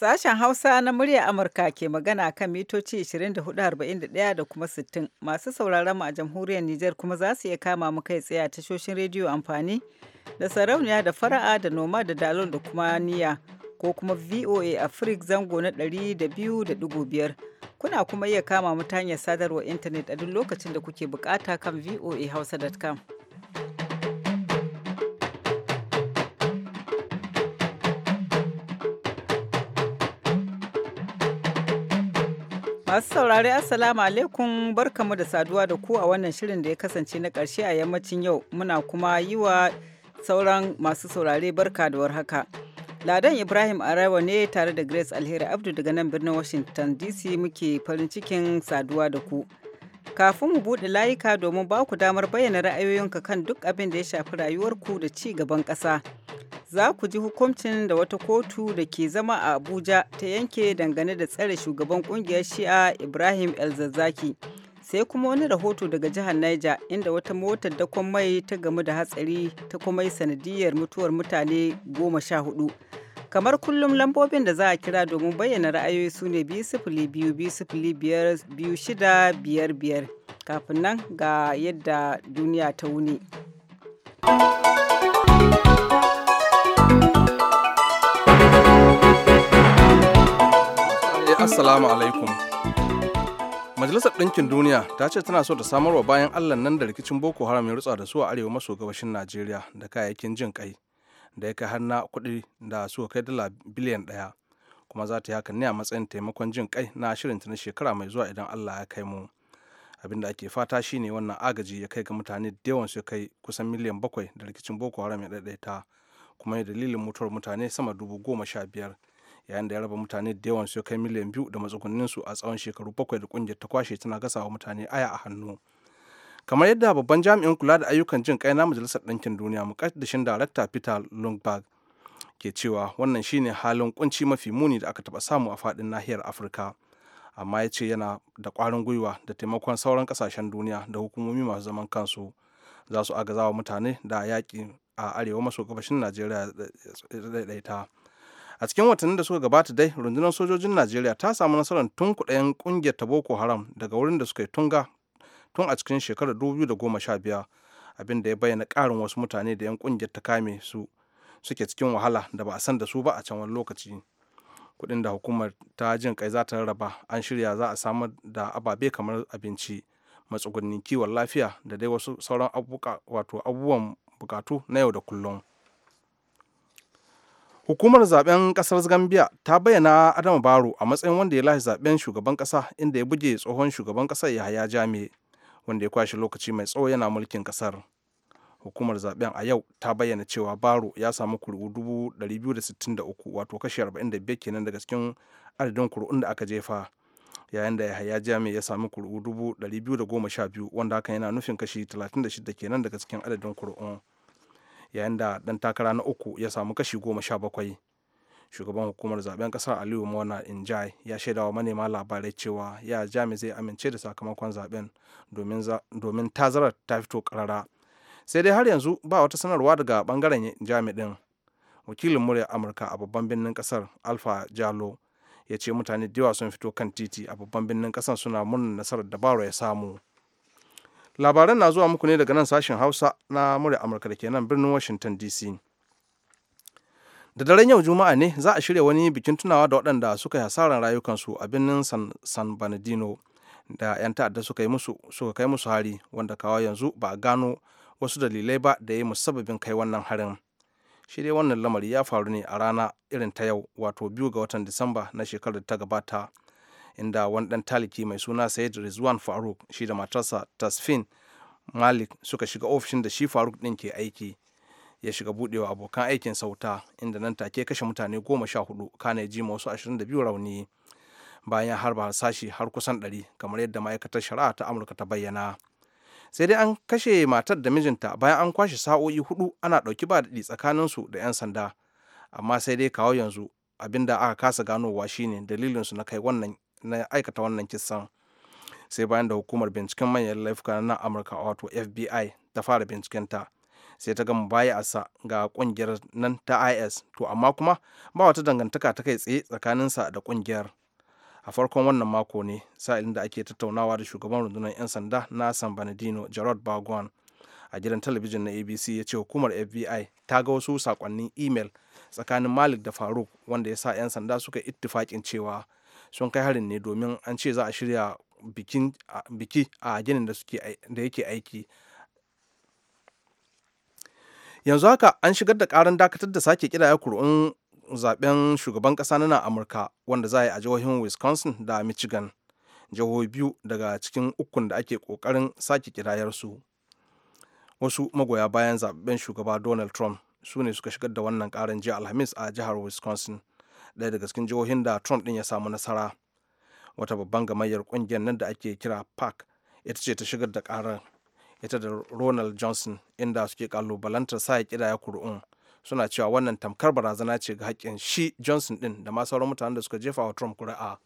Sashen Hausa na murya Amurka ke magana kan mitoci 24,41 da kuma 60 masu sauraron mu a jamhuriyar Nijar kuma za su iya kama mu kai tsaye a tashoshin rediyo amfani da sarauniya da fara'a da noma da dalol da kuma niya ko kuma VOA Africa zango na 200.5 kuna kuma iya kama mu ta hanyar sadarwar intanet a duk lokacin da kuke bukata kan voa voahausa.com. Masu saurari Assalamu alaikum barkamu da saduwa da ku a wannan shirin da ya kasance na karshe a yammacin yau muna kuma yi wa sauran masu saurare barka da warhaka. Ladan Ibrahim Arawa ne tare da Grace Alheri Abdu daga nan birnin Washington DC muke farin cikin saduwa da ku. Kafin mu buɗe layuka domin ba ku damar bayyana ra'ayoyinka kan duk abin da ya shafi rayuwarku da ci gaban ƙasa. za ku ji hukuncin da wata kotu da ke zama a Abuja ta yanke dangane da tsare shugaban kungiyar Shi'a Ibrahim el Elzazzaki. Sai kuma wani rahoto daga jihar Niger inda wata motar dakon mai ta gamu da hatsari ta kuma yi sanadiyar mutuwar mutane goma sha hudu. kamar kullum lambobin da za a kira domin bayyana ra'ayoyi su ne biyar kafin nan ga yadda duniya ta wuni. assalamu alaikum majalisar ɗinkin duniya ta ce tana so ta samar wa bayan allah nan da rikicin boko haram ya rutsa da su a arewa maso gabashin najeriya da kayayyakin jin kai da ya kai har na kuɗi da su kai dala biliyan ɗaya kuma za ta yi hakan ne a matsayin taimakon jin kai na shirin shirinta na shekara mai zuwa idan allah ya kai mu abin da ake fata shi ne wannan agaji ya kai ga mutane da yawan su kai kusan miliyan bakwai da rikicin boko haram ya ɗaiɗaita kuma ya dalilin mutuwar mutane sama dubu goma sha biyar yayin da ya raba mutane da yawan su kai miliyan biyu da matsugunnin su a tsawon shekaru bakwai da kungiyar ta kwashe tana gasawa mutane aya a hannu kamar yadda babban jami'in kula da ayyukan jin kai na majalisar ɗinkin duniya mukaddashin darakta peter lundberg ke cewa wannan shine halin kunci mafi muni da aka taɓa samu a faɗin nahiyar afirka amma ya ce yana da kwarin gwiwa da taimakon sauran kasashen duniya da hukumomi masu zaman kansu za su agazawa mutane da yaƙi a arewa maso gabashin najeriya daidaita a cikin watannin da suka gabata dai rundunar sojojin najeriya ta samu nasarar tun kudayen ƙungiyar ta boko haram daga wurin da suka yi tunga tun a cikin shekarar 2015 abin da ya bayyana karin wasu mutane da 'yan kungiyar ta kame su suke cikin wahala da ba a san da su ba a can wani lokaci kuɗin da hukumar ta jin kai za ta rarraba an shirya za a samar da ababe kamar abinci matsugunni kiwon lafiya da dai wasu sauran abubuwan bukatu na yau da kullum. hukumar zaben kasar gambia ta bayyana adama baro a matsayin wanda ya lashe zaben shugaban kasa inda ya buge tsohon shugaban kasar yahaya jami wanda ya kwashe lokaci mai tsawo yana mulkin kasar hukumar zaben a yau ta bayyana cewa baro ya samu kuri'u 263 wato kashi 45 kenan daga cikin adadin kuri'un da aka jefa yayin da yahaya jami ya sami kuri'u 212 wanda hakan yana nufin kashi 36 kenan daga cikin adadin kuri'un yayin da dan takara na uku ya samu kashi goma sha bakwai shugaban hukumar zaben kasar aliyu mona injai ya shaida wa manema labarai cewa ya jami zai amince da sakamakon zaben domin tazarar ta fito karara sai dai har yanzu ba wata sanarwa daga bangaren jami din wakilin murya amurka a babban birnin kasar alfa jalo ya ce mutane da yawa sun fito kan titi a babban birnin kasar suna murnar nasarar da baro ya samu labaran na zuwa muku ne daga nan sashen hausa na murya amurka da ke nan birnin washington dc da daren yau juma'a ne za a shirya wani bikin tunawa da waɗanda suka yi hasaran rayukansu a birnin san, san bernardino da 'yan ta'adda suka yi musu suka kai musu hari wanda kawo yanzu ba a gano wasu dalilai ba da ya yi musabbabin kai wannan harin shi dai wannan lamari ya faru ne a rana irin ta yau wato biyu ga watan disamba na shekarar ta gabata inda wani ɗan taliki mai suna said rizwan faruk shi da matarsa tasfin malik suka shiga ofishin da shi faruk ɗin ke aiki ya shiga budewa abokan aikin sauta inda nan take kashe mutane goma sha hudu kana ji ma wasu ashirin da biyu rauni bayan harba harsashi har kusan ɗari kamar yadda ma'aikatar shari'a ta amurka ta bayyana sai dai an kashe matar da mijinta bayan an kwashe sa'o'i hudu ana ɗauki ba daɗi tsakaninsu da 'yan sanda amma sai dai kawo yanzu abinda aka kasa ganowa shine dalilinsu na kai wannan na aikata wannan kisan sai bayan da hukumar binciken manyan laifuka na amurka wato fbi ta fara binciken ta sai ta gama baya a sa ga kungiyar nan ta is to amma kuma ba wata dangantaka ta kai tsaye tsakaninsa da kungiyar a farkon wannan mako ne sa'ilin da ake tattaunawa da shugaban rundunar 'yan sanda na san banadino gerard bagwan a gidan talabijin na abc ya ce hukumar fbi ta ga wasu sakonnin imel tsakanin malik da faruk wanda ya sa 'yan sanda suka ittifakin cewa sun kai harin ne domin an ce za a shirya biki a ginin da yake aiki yanzu haka an shigar da karan dakatar da sake kiraya kuri'un zaben shugaban kasa na amurka wanda za a yi a jihohin wisconsin da michigan jihohi biyu daga cikin ukun da ake kokarin sake kidayarsu wasu magoya bayan zaben shugaba donald trump su ne suka shigar da wannan karan jiya alhamis a jihar wisconsin ɗaya daga cikin jihohin da trump ɗin ya samu nasara wata babban gamayyar ƙungiyar nan da ake kira park ita ce ta shigar da karar ita da ronald johnson inda suke kalubalantar sa ya kidaya kuri'un suna cewa wannan tamkar barazana ce ga haƙƙin shi johnson ɗin da ma sauran mutanen da suka jefa wa trump kuri'a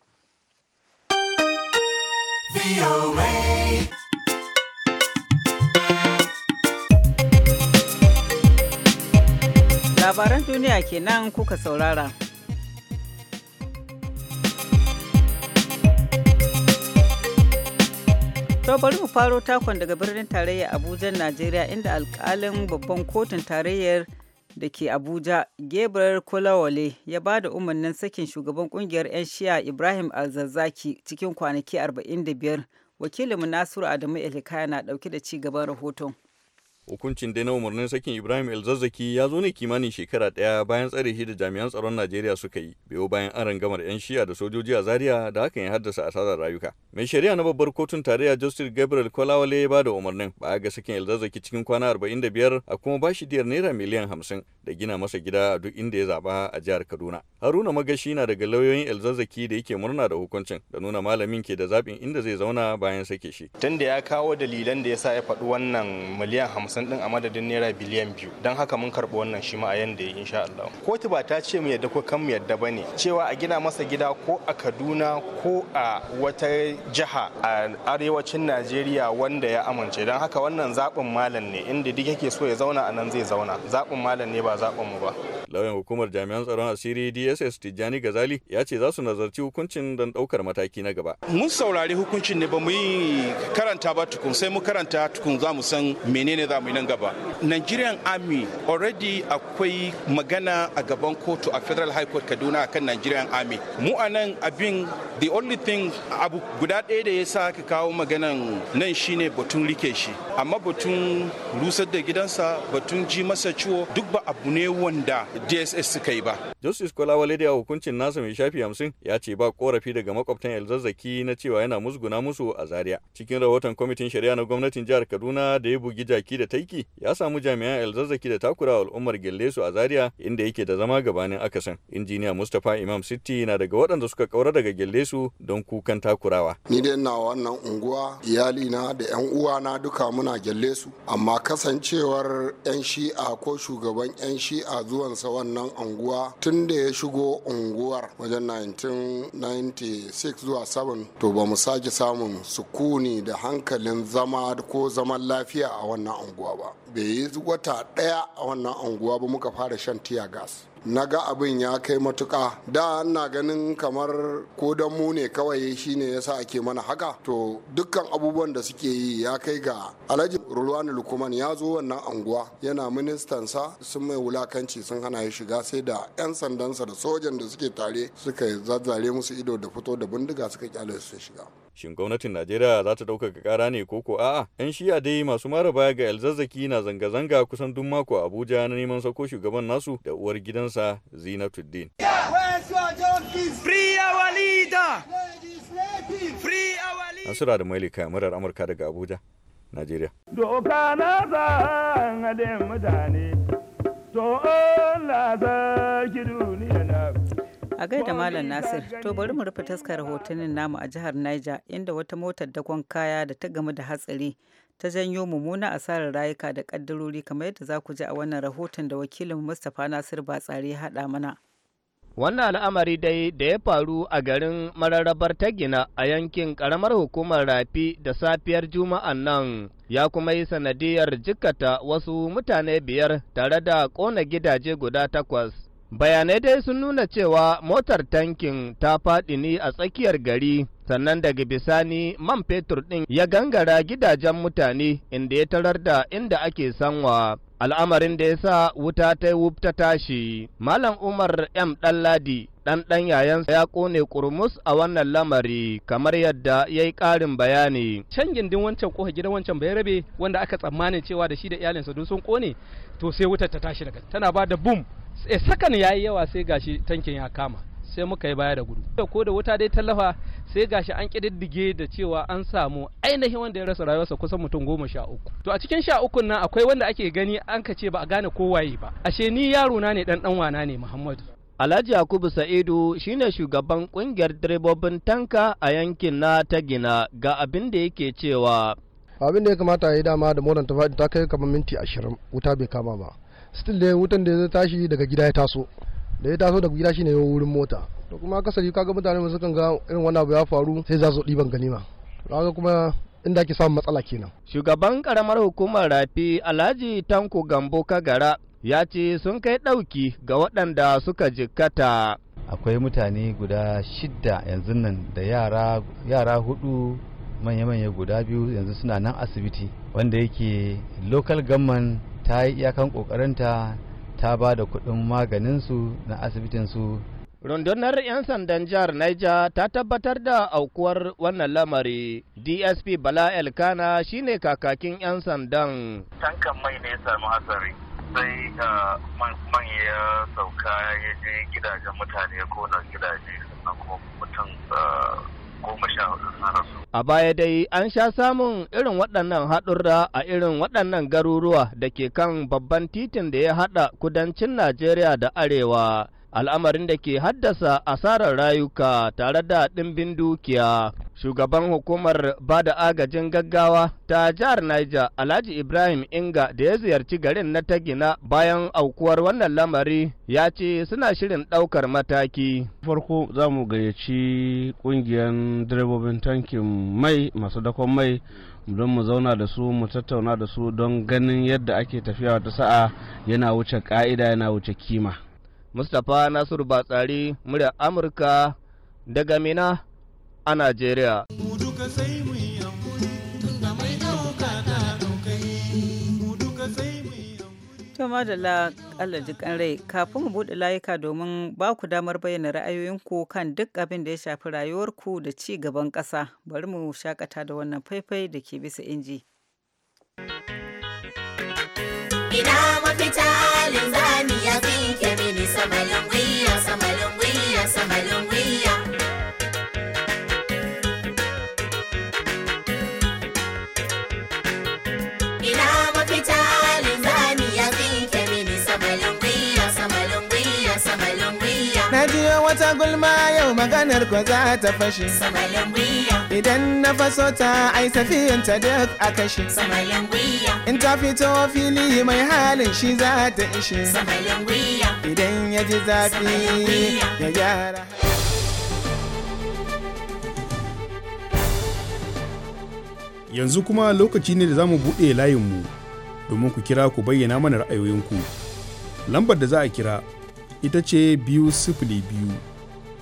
labaran duniya kenan kuka saurara To bari mu faro takon daga birnin tarayya Abuja, Najeriya inda alkalin babban kotun tarayyar da ke Abuja, Gabriel Kolawole ya ba da umarnin sakin shugaban kungiyar 'yan shiya Ibrahim Alzazzaki cikin kwanaki 45. Wakilinmu Nasiru Adamu elikaya na dauke da ci gaban rahoton. Hukuncin dai na umarnin sakin Ibrahim Elzazzaki ya zo ne kimanin shekara ɗaya bayan tsare shi da jami'an tsaron Najeriya suka yi, biyo bayan an gamar 'yan shiya da sojoji a Zaria da hakan ya haddasa asarar rayuka. Mai shari'a na babbar kotun tarayya Justice Gabriel Kwalawale ya bada umarnin ba ga sakin Elzazzaki cikin kwana 45 a kuma bashi diyar naira miliyan 50 da gina masa gida a duk inda ya zaba a jihar Kaduna. Haruna Magashi na daga lauyoyin Elzazzaki da yake murna da hukuncin da nuna malamin ke da zaɓin inda zai zauna bayan sake shi. da ya kawo dalilan da ya sa ya faɗi wannan miliyan 50 hamsin din a madadin naira biliyan biyu don haka mun karɓi wannan shi ma a yadda ya insha Allah kotu ba ta ce mu yadda ko kan mu yadda ba ne cewa a gina masa gida ko a Kaduna ko a wata jiha a arewacin Najeriya wanda ya amince don haka wannan zaɓin malam ne inda duk yake so ya zauna a nan zai zauna zaɓin malam ne ba zaɓin mu ba lauyan hukumar jami'an tsaron asiri DSS Tijjani Gazali ya ce za su nazarci hukuncin don ɗaukar mataki na gaba mun saurari hukuncin ne ba mu yi karanta ba tukun sai mu karanta tukun za mu san menene za mu nan gaba nigerian army already akwai magana a gaban kotu a federal high court kaduna akan nigerian army mu a nan abin the only thing abu guda ɗaya da ya sa ka kawo maganan nan shine batun rike shi amma batun rusar da gidansa batun ji masa ciwo duk ba abu ne wanda dss suka yi ba justice kolawale da hukuncin nasa mai shafi hamsin ya ce ba korafi daga makwabtan elzazzaki na cewa yana musguna musu a zaria cikin rahoton kwamitin shari'a na gwamnatin jihar kaduna da ya bugi jaki da Taiki ya samu jami'an alzazzaki da takura al'ummar su a Zaria inda yake da zama gabanin akasin. Injiniya Mustapha Imam city na daga waɗanda suka kaura daga su don kukan takurawa. Ni dai na wannan unguwa iyalina da 'yan uwa na duka muna su amma kasancewar 'yan shi'a ko shugaban 'yan shi'a sa wannan unguwa tun da ya shigo unguwar wajen 1996 zuwa 7 to ba mu sake samun sukuni da hankalin zama ko zaman lafiya a wannan unguwa. Chihuahua. bai yi wata ɗaya a wannan unguwa ba muka fara shan tiya gas na ga abin ya kai matuka da na ganin kamar ko don mu ne kawai shine yasa ake mana haka to dukkan abubuwan da suke yi ya kai ga alhaji rulwani lukuman ya zo wannan anguwa yana ministansa sun mai wulakanci sun hana ya shiga sai da yan sandansa da sojan da suke tare suka zazzare musu ido da fito da bindiga suka kyale su shiga shin gwamnatin najeriya za ta ga kara ne ko a'a yan shiya dai masu mara baya ga elzazzaki na zanga-zanga kusan duk mako a Abuja na neman sauko shugaban nasu da uwar gidansa Zinatuddin. Nasura da Mailika murar Amurka daga Abuja, Najeriya. Doka na zan mutane, to a gaida malam nasir to bari mu rufe taskar hotunan namu a jihar niger inda wata motar dakon kaya da ta gamu da hatsari ta janyo mummunan asarar rayuka da kaddarori kamar yadda za ku ji a wannan rahoton da wakilin Mustapha Nasir Batsari ya haɗa mana. Wannan al'amari dai da ya faru a garin mararrabar gina a yankin ƙaramar hukumar rafi da safiyar juma'an nan ya kuma yi sanadiyar jikkata wasu mutane biyar tare da ƙona gidaje guda takwas bayanai dai sun nuna cewa motar tankin ta faɗi ne a tsakiyar gari sannan daga bisani man fetur ɗin ya gangara gidajen mutane inda ya tarar da inda ake sanwa al'amarin da ya sa wuta ta yi ta tashi malam umar m ɗanladi ɗan ɗan yayansa ya ƙone kurmus a wannan lamari kamar yadda ya yi ƙarin bayani can gindin wancan ƙoha gidan wancan bai rabe wanda aka tsammanin cewa da shi da iyalinsa don sun ƙone to sai wutar ta tashi daga tana ba da bum sai eh, sakan ya yawa sai gashi tankin ya kama sai muka yi baya da gudu ko da wuta dai tallafa sai gashi an kididdige da cewa an samu ainihin wanda ya rasa rayuwarsa kusan mutum goma sha uku to a cikin sha ukun nan akwai wanda ake gani an ka ce ba a gane kowaye ba ashe ni yaro na ne dan dan wana ne muhammadu Alhaji Yakubu Sa'idu shine shugaban kungiyar direbobin tanka a yankin na ta gina ga abin da yake cewa abin da ya kamata ya yi dama da moran ta ta kai kamar minti ashirin wuta bai kama ba still da wutan da ya tashi daga gida ya taso da ya taso daga gida shi ya wurin mota to kuma akasari kaga mutane mu sukan ga irin wannan abu ya faru sai za su ɗiban ganima kaga kuma inda ake samun matsala kenan shugaban karamar hukumar rafi alhaji tanko gambo kagara ya ce sun kai ɗauki ga waɗanda suka jikkata akwai mutane guda shidda yanzu nan da yara yara hudu manya-manya guda biyu yanzu suna nan asibiti wanda yake local government ta yi iyakan kokarinta ta ba da kuɗin maganinsu na asibitinsu rundunar 'yan sandan jihar Niger ta tabbatar da aukuwar wannan lamari dsp bala elkana shine kakakin 'yan sandan tankan mai ne samu hatsari sai uh, man ya sauka ya je gidajen mutane ko na gidaje sannan kuma mutum uh, A baya dai an sha samun irin waɗannan haɗurra a irin waɗannan garuruwa da ke kan babban titin da ya haɗa kudancin Najeriya da Arewa. al'amarin da ke haddasa asarar rayuka tare da ɗimbin dukiya shugaban hukumar ba da agajin gaggawa ta jihar Niger Alhaji Ibrahim Inga da ya ziyarci garin na Tagina bayan aukuwar wannan lamari ya ce suna shirin ɗaukar mataki. Farko za mu gayyaci ƙungiyar direbobin tankin mai masu dakon mai don mu zauna da su mu tattauna da su don ganin yadda ake tafiya wata sa'a yana wuce ka'ida yana wuce kima. Mustapha Nasiru Batsari murya Amurka daga Mina a Najeriya. Tuma da la'alaji kan rai kafin mu buɗe layuka domin ba ku damar bayyana ra'ayoyinku kan duk abin da ya shafi rayuwarku da ci gaban ƙasa bari mu shakata da wannan faifai da ke bisa inji. Ina mafita linzami ya fi Jamaica. maganar ko za ta fashe idan na faso ta ai safiyin ta duk a kashe in ta fito fili mai halin shi za ta ishe idan ya ji zafi ya gyara yanzu kuma lokaci ne da za mu buɗe layinmu domin ku kira ku bayyana mana ra'ayoyinku lambar da za a kira ita ce biyu sifili biyu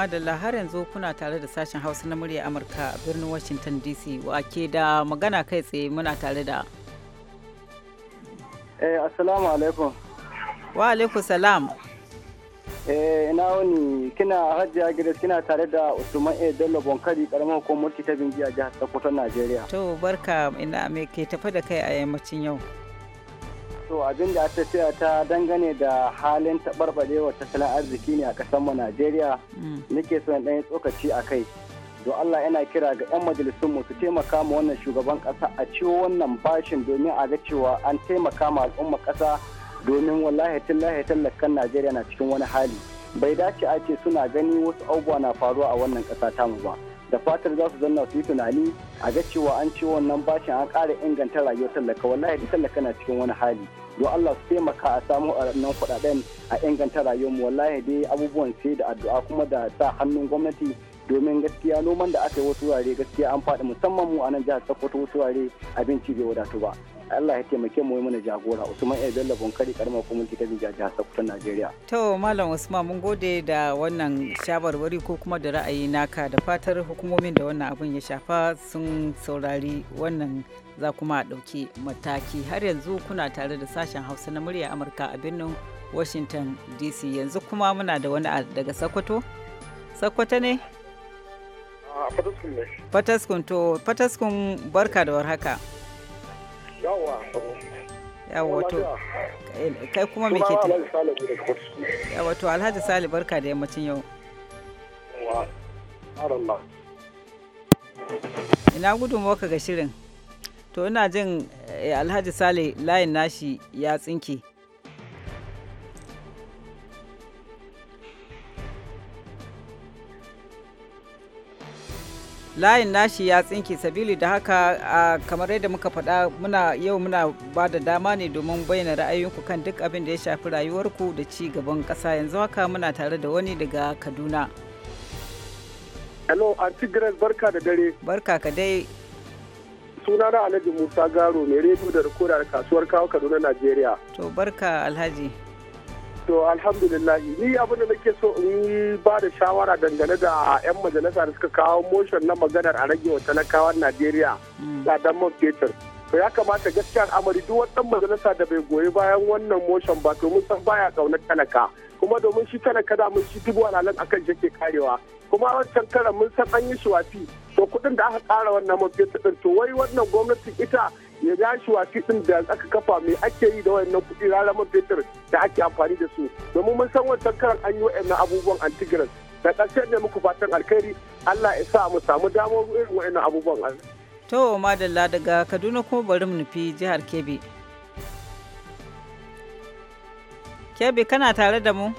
madalla har yanzu kuna tare da sashen hausa na murya amurka a birnin washington dc wake da magana kai tsaye muna tare da eh assalamu alaikum wa alaikum salam eh ina wani kina hajji gidas kina tare da usman a bello bonkari karamar hukumar ta jiya jihar sokoto najeriya to barka ina me ke tafi da kai a yammacin yau to abin da aka cewa ta dangane da halin taɓarɓarewa tattalin arziki ne a kasar mu Najeriya mm. nake son ɗayan tsokaci a kai. Don Allah yana kira ga 'yan majalisun mu su taimaka ma wannan shugaban ƙasa a ciwo wannan bashin domin a ga cewa an taimaka ma al'umma ƙasa domin wallahi tallahi tallakan Najeriya na cikin wani hali. Bai dace a ce suna gani wasu abubuwa na faruwa a wannan ƙasa tamu ba. da fatar za su zanna su yi tunani a ga cewa an ci wannan bashin an ƙara inganta rayuwar tallaka wallahi tallaka na cikin wani hali don Allah su taimaka a samu a nan kuɗaɗen a inganta rayuwar mu wallahi dai abubuwan sai da addu'a kuma da sa hannun gwamnati domin gaskiya noman da aka yi wasu wurare gaskiya an faɗi musamman mu a nan jihar Sokoto wasu wurare abinci bai wadatu ba Allah ya taimake mu mana jagora Usman A Bello Bonkari karamar gwamnati ta Bija jihar Sokoto Najeriya. To Malam Usman mun gode da wannan shawarwari ko kuma da ra'ayi naka da fatar hukumomin da wannan abun ya shafa sun saurari wannan za kuma a ɗauki mataki har yanzu kuna tare da sashen Hausa na murya Amurka a birnin Washington DC yanzu kuma muna da wani daga Sokoto. Sokoto ne? Ah, Fataskun ne. Fataskun to Fataskun barka da warhaka. haka. yawa yawa kai kuma me ke alhaji sali barka da yammacin yau ina gudun ka ga shirin to ina jin eh, alhaji sale layin nashi ya tsinke layin nashi ya tsinke sabili da haka kamar yadda muka faɗa muna yau muna ba da dama ne domin bayyana ra'ayoyinku kan duk abin da ya shafi rayuwarku da ci gaban ƙasa yanzu haka muna tare da wani daga kaduna hello aunty barka da dare barka ka dai suna na alhaji musa garo mai rediyo da rikoda da kasuwar kawo kaduna najeriya to barka alhaji To alhamdulillah ni abin da nake so in ba da shawara dangane da 'yan majalisa da suka kawo motion na maganar a rage wa talakawan Najeriya hmm. da man fetur. To ya kamata gaskiyar amari duk wata majalisa da bai goyi bayan wannan motion ba to mun san baya kaunar talaka. Kuma domin shi talaka da mun shi dubu alalan akan jake karewa. Kuma wancan karan mun san an yi shi wafi. To kuɗin da aka kara wannan man fetur to wai wannan gwamnatin ita ya shi wa ɗin da aka kafa mai ake yi da wayannan kuɗi rara man fetur da ake amfani da su domin mun san wancan karan an yi wayannan abubuwan antigiras da ƙarshen ne muku fatan alkhairi Allah ya sa mu samu damar irin wayannan abubuwan To madalla daga Kaduna ko bari mu nufi jihar Kebbi. Kebbi kana tare da mu?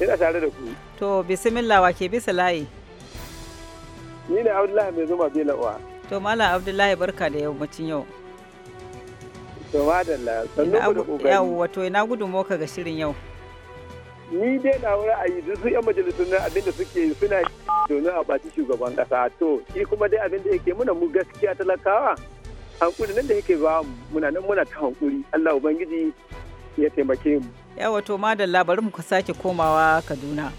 Ina tare da ku. To bismillah wa ke bisa layi. Ni ne Abdullahi mai zuma bela wa. to mala abdullahi barka da yammacin yau to madalla sannu ku da wato ina gudun ka ga shirin yau ni dai na wuri a yi su yan majalisun nan abin da suke suna domin a baci shugaban ƙasa to shi kuma dai abinda da yake muna mu gaskiya talakawa hankuri nan da yake ba muna nan muna ta hankuri Allah ubangiji ya taimake mu yawa to madalla bari mu ka sake komawa Kaduna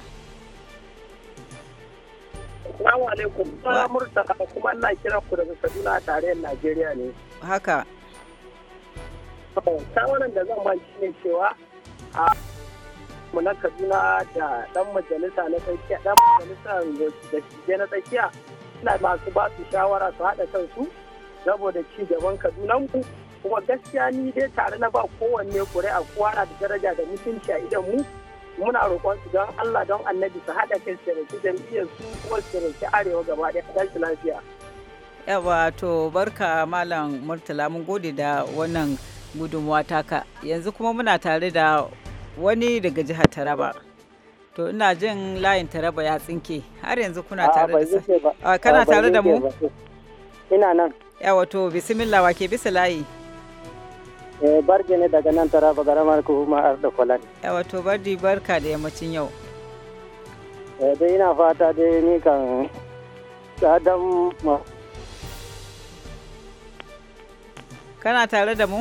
Assalamu alaikum. Ba Murtala kuma ina kira ku daga Kaduna a tarayyar Najeriya ne. Haka. Shawaran da zan ba shi ne cewa a mu na Kaduna da dan majalisa na tsakiya dan majalisa da shige na tsakiya ina masu ba su shawara su haɗa kansu saboda ci gaban kadunanku kuma gaskiya ni dai tare na ba kowanne ƙuri'a kowa na da daraja da mutunci a idan mu muna roƙon su don Allah don annabi su haɗa kai su taimaki jam'iyyar su kuma su taimaki arewa gaba ɗaya don su lafiya. yawa to barka malam murtala mun gode da wannan gudunmuwa taka yanzu kuma muna tare da wani daga jihar taraba to ina jin layin taraba ya tsinke har yanzu kuna tare da ah, kana tare da mu ina nan yawa to bismillah wake bisa layi Eh, barge ne daga nan taraba garamar kuma arda kwalani eh, wato bardi barka da yammacin yau eh, dai ina fata dai ni kan tsadan ma kana tare da mu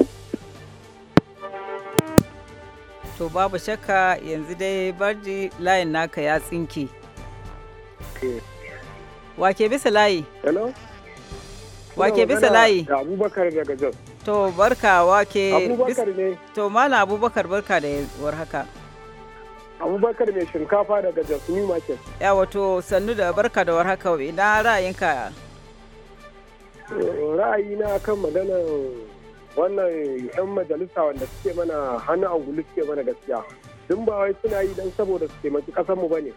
to babu shakka yanzu dai bardi layin naka ya tsinke wake bisa layi hello wake bisa layi abubakar daga jos To barka wake. To Abubakar barka da haka. Abubakar mai shinkafa daga Jasmine Market. Ya wato sannu da barka da warhaka ina ra'ayinka. Eh, ra'ayina kan maganar wannan 'yan majalisa wanda suke mana hannu a gulu suke mana gaskiya. Dun ba wai suna yi dan saboda su taimaki kasanmu ba ne.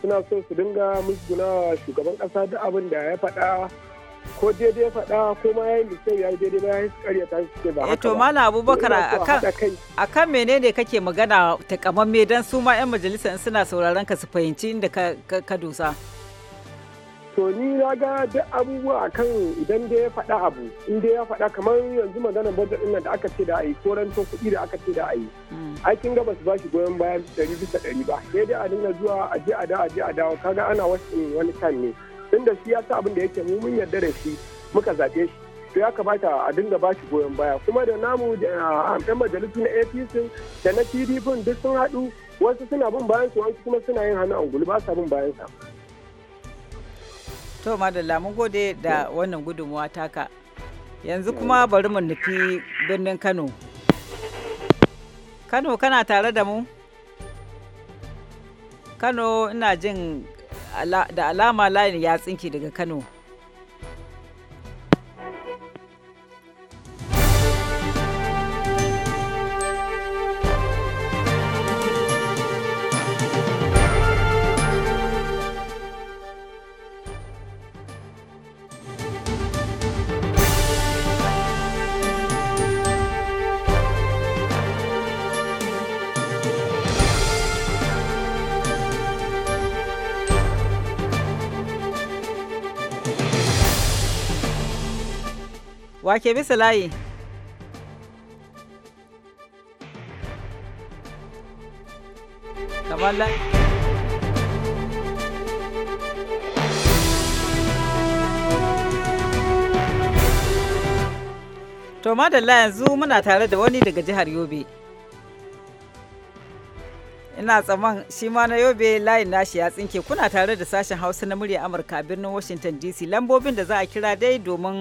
Suna so su dinga musguna shugaban kasa duk abin da ya faɗa ko daidai faɗa ko ma yayin da sai yayi daidai bayan su karya ta suke ba eh, haka to na abubakar akan akan menene kake magana me dan su ma yan majalisa in suna sauraron ka su fahimci inda ka ka dosa to ni na ga duk abubuwa akan idan da ya faɗa abu in da ya faɗa kamar yanzu maganar budget din da aka ce da ayi ko ranto kuɗi da aka ce da ayi hmm. aikin kin ga ba su ba shi goyon bayan ɗari bisa ɗari ba sai dai a dinga zuwa a je a da a je a dawo kaga ana wasu eh, wani kan ne tunda shi ya sa abin da yake mu mun yarda da shi muka zaɓe shi to ya kamata a dinga ba shi goyon baya kuma da namu da yan majalisu na apc da na pdp duk sun haɗu wasu suna bin bayan su wasu kuma suna yin hannu angulu ba sa bin bayan sa to madalla mun gode da wannan gudunmawa taka yanzu kuma bari mu nufi birnin kano kano kana tare da mu kano ina jin da alama layin ya tsinke daga Kano. ke bisa layi. To madalla yanzu muna tare da wani daga jihar Yobe. Ina tsaman shi ma na Yobe layin nashi ya tsinke kuna tare da sashen Hausa na murya Amurka birnin Washington DC lambobin da za a kira dai domin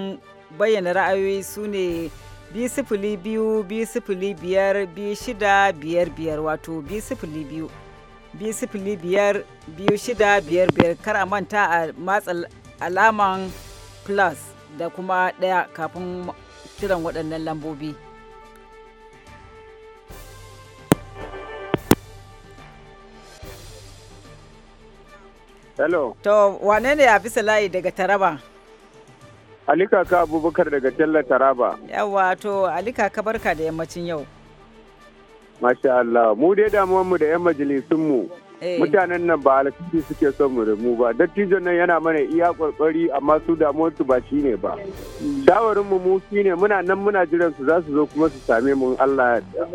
bayyana ra'ayoyi su ne biyu sifili biyu biyu sifili biyar bi shida biyar biyar wato biyu sifili biyu biyu sifili biyar biyu shida biyar biyar kar a manta a matsa alaman plus da kuma ɗaya kafin kiran waɗannan lambobi Hello. To wane ne a bisa layi daga Taraba? Alikaka Abubakar daga Talla Taraba. Yawa to Alikaka barka da yammacin yau. Masha Allah, mu dai mu da 'yan majalisunmu. Eh. Mutanen nan ba alkhairi suke son mu da mu ba. Dattijon nan yana mana iya kwarkwari amma su su ba shine ba. Shawarin mu mu ne muna nan muna jiran su za su zo kuma su same mu Allah ya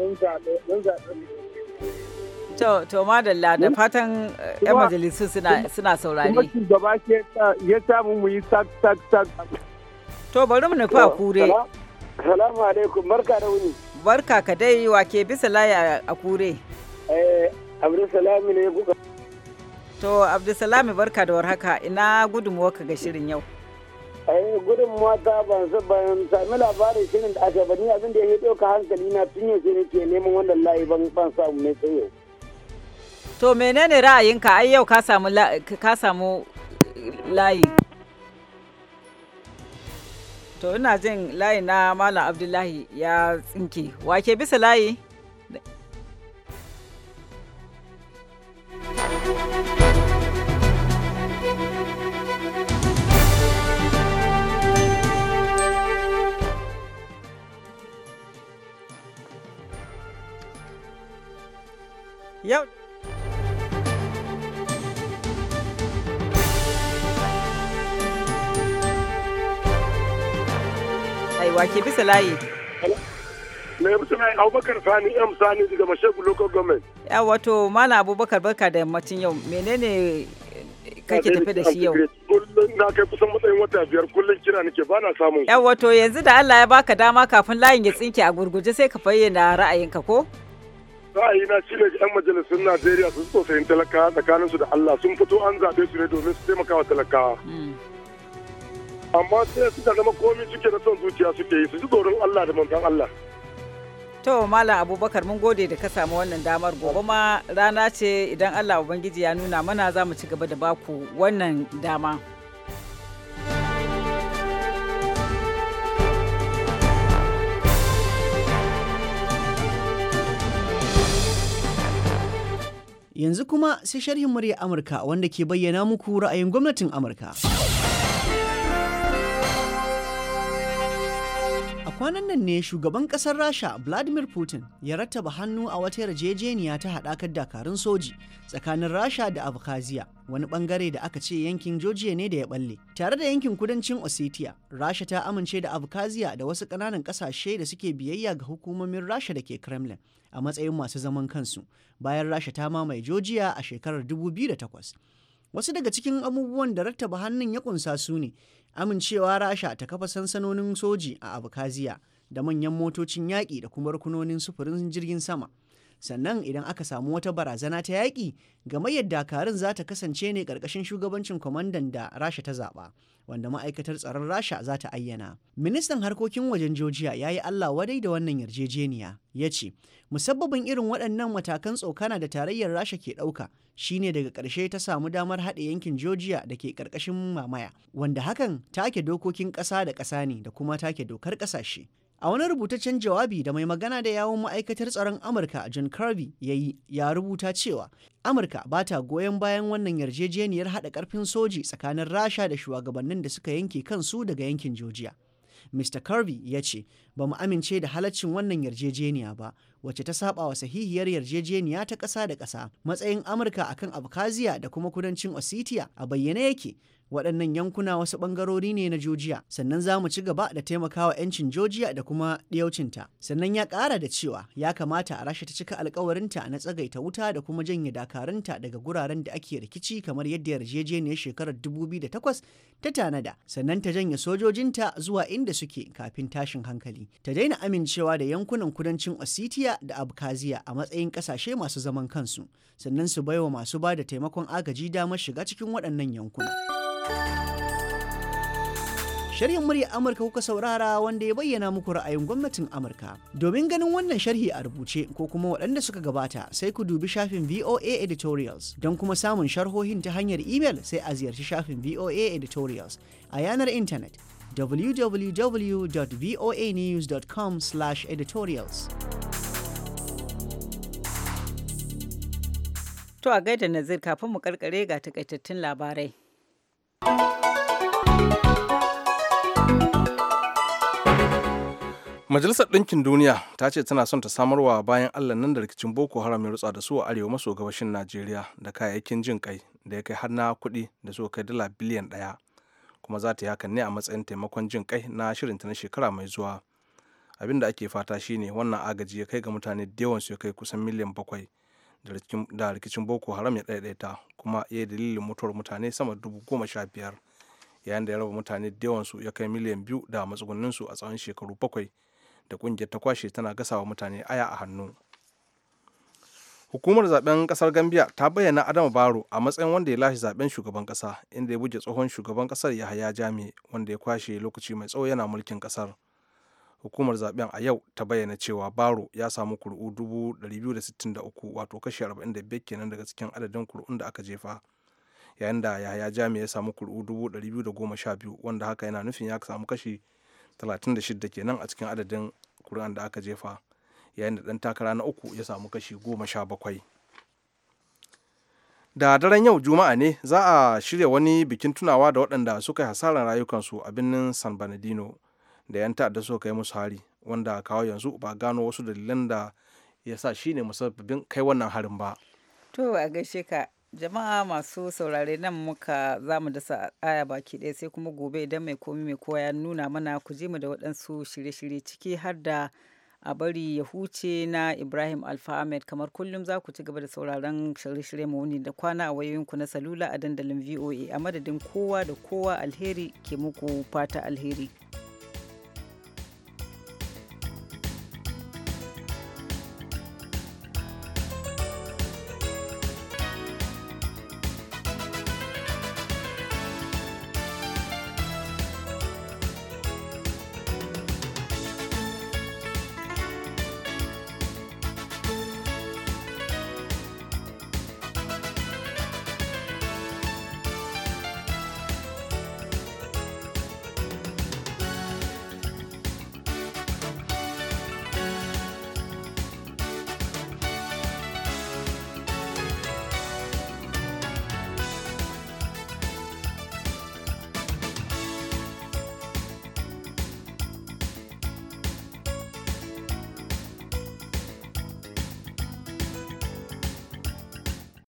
To, to madalla da fatan 'yan eh, majalisu suna saurare. Kuma shugaba ya samu mu yi sak sak sak To bari mu nufa kure. Salamu alaikum barka da wuni. Barka ka dai wake bisa layi a kure. Eh Abdulsalami ne kuka. To Abdulsalami barka da warhaka ina gudunmuwa ka ga shirin yau. Eh gudunmuwa ta ban ban sami labarin shirin da aka bani abin da ya ɗauka hankali na tun yau sai nake neman wannan layi ban ban samu ne sai yau. To menene ra'ayinka ai yau ka samu layi. to ina jin layi na malam abdullahi ya tsinke wake bisa layi Yep. wa ke bisa layi. Mai bisa layi Abubakar Sani M Sani daga Mashegu Local Government. Ya wato Malam Abubakar barka da yammacin yau menene kake tafi da shi yau. Kullum na kai kusan matsayin wata biyar kullum kira nake ba na samun. Ya wato yanzu da Allah ya baka dama kafin layin ya tsinke a gurguje sai ka fayyana ra'ayinka ko? ra'ayina shi ne yan majalisun najeriya sun so sayin talakawa tsakaninsu da allah sun fito an zaɓe su ne domin su taimaka wa talakawa hmm. amma sai suka zama komai suke na son zuciya suke yi su ji tsoron Allah da manzon Allah to malam abubakar mun gode da ka samu wannan damar gobe ma rana ce idan Allah ubangiji ya nuna mana za mu ci gaba da baku wannan dama Yanzu kuma sai sharhin murya Amurka wanda ke bayyana muku ra'ayin gwamnatin Amurka. kwanan nan ne shugaban kasar rasha vladimir putin ya rattaba hannu a wata yarjejeniya ta haɗakar dakarun soji tsakanin rasha da abkhazia wani bangare da aka ce yankin georgia ne da ya balle tare da yankin kudancin ossetia rasha ta amince da abkhazia da wasu ƙananan ƙasashe da suke biyayya ga hukumomin rasha da ke kremlin a matsayin masu zaman kansu bayan rasha ta mamaye georgia a shekarar 2008 Wasu daga cikin abubuwan da rattaba hannun ya kunsa su ne amincewa Rasha ta kafa sansanonin soji a abkaziya da manyan motocin yaƙi da kuma rukunonin sufurin jirgin sama. sannan idan aka samu wata barazana ta yaƙi gamayyar karin za ta kasance ne ƙarƙashin shugabancin kwamandan da rasha ta zaɓa wanda ma'aikatar tsaron rasha za ta ayyana ministan harkokin wajen jojiya ya yi allah wadai da wannan yarjejeniya ya ce musabbabin irin waɗannan matakan tsokana da tarayyar rasha ke ɗauka shine daga ƙarshe ta samu damar haɗe yankin jojiya da ke ƙarƙashin mamaya wanda hakan take dokokin ƙasa da ƙasa ne da kuma take dokar ƙasashe A wani rubutaccen jawabi da mai magana da yawon ma'aikatar tsaron Amurka John Kirby ya yi ya rubuta cewa Amurka ba ta goyon bayan wannan yarjejeniyar haɗa ƙarfin soji tsakanin Rasha da shugabannin da suka yanke kansu daga yankin Georgia. Mr. Kirby ya ce, ba mu amince da halaccin wannan yarjejeniya ba, wacce ta saba wa sahihiyar yarjejeniya ta ƙasa da ƙasa matsayin Amurka akan Abkhazia da kuma kudancin Ossetia a bayyane yake waɗannan yankuna wasu ɓangarori ne na Jojiya, sannan za mu ci gaba da taimakawa 'yancin Jojiya da kuma ɗiyaucinta. Sannan ya ƙara da cewa ya kamata a rasha ta cika alkawarinta na tsagaita wuta da kuma janye dakarunta daga guraren da ake rikici kamar yadda yarjejeniyar shekarar 2008 ta tanada, sannan ta janye sojojinta zuwa inda suke kafin tashin hankali. Ta daina amincewa da yankunan kudancin Ossetia da Abkhazia a matsayin ƙasashe masu zaman kansu, sannan su baiwa masu ba da taimakon agaji damar shiga cikin waɗannan yankuna. Sharhin murya Amurka kuka saurara wanda ya bayyana muku ra'ayin gwamnatin Amurka. Domin ganin wannan sharhi a rubuce ko kuma waɗanda suka gabata sai ku dubi shafin VOA Editorials don kuma samun sharhohin ta hanyar imel sai a ziyarci shafin VOA Editorials a yanar intanet www.voanews.com/editorials. To a gaida Nazir kafin mu karkare ga takaitattun labarai. Majalisar Ɗinkin Duniya ta ce tana son ta samarwa bayan Allah nan da rikicin Boko Haram ya rutsa da su a arewa maso gabashin Najeriya da kayayyakin jin kai da ya kai har na kuɗi da su kai dala biliyan ɗaya kuma za ta yi hakan ne a matsayin taimakon jin kai na shirin ta na shekara mai zuwa. Abin da ake fata shi ne wannan agaji ya kai ga mutane da yawan su ya kai kusan miliyan bakwai da rikicin boko haram ya ɗaiɗaita kuma ya yi dalilin mutuwar mutane sama da dubu goma sha biyar yayin da ya raba mutane da yawansu ya kai miliyan biyu da matsugunninsu a tsawon shekaru bakwai da kungiyar ta kwashe tana gasawa mutane aya a hannu hukumar zaben kasar gambia ta bayyana adama baro a matsayin wanda ya lashe zaben shugaban kasa inda ya buge tsohon shugaban kasar yahaya jami wanda ya kwashe lokaci mai tsawo yana mulkin kasar hukumar zaben a yau ta bayyana cewa baro ya samu kuri'u 263 wato kashi 45 kenan daga cikin adadin kuri'un da aka jefa yayin da yahaya jami ya samu kuri'u 212 wanda haka yana nufin ya samu kashi 36 kenan a cikin adadin kuri'an da aka jefa yayin da dan takara na uku ya samu kashi 17 da daren yau juma'a ne za a shirya wani bikin tunawa da waɗanda suka yi hasarar rayukansu a birnin san bernardino da 'yan ta'adda suka kai musu hari wanda kawo yanzu ba gano wasu dalilan da ya sa shi ne musabbabin kai wannan harin ba. To a gaishe ka jama'a masu saurare nan muka za mu dasa aya baki ɗaya sai kuma gobe idan mai komi mai kowa nuna mana ku je mu da waɗansu shirye-shirye ciki har da a bari ya huce na ibrahim alfa ahmed kamar kullum za ku ci gaba da sauraron shirye-shirye mawuni da kwana a wayoyinku na salula a dandalin voa a madadin kowa da kowa alheri ke muku fata alheri.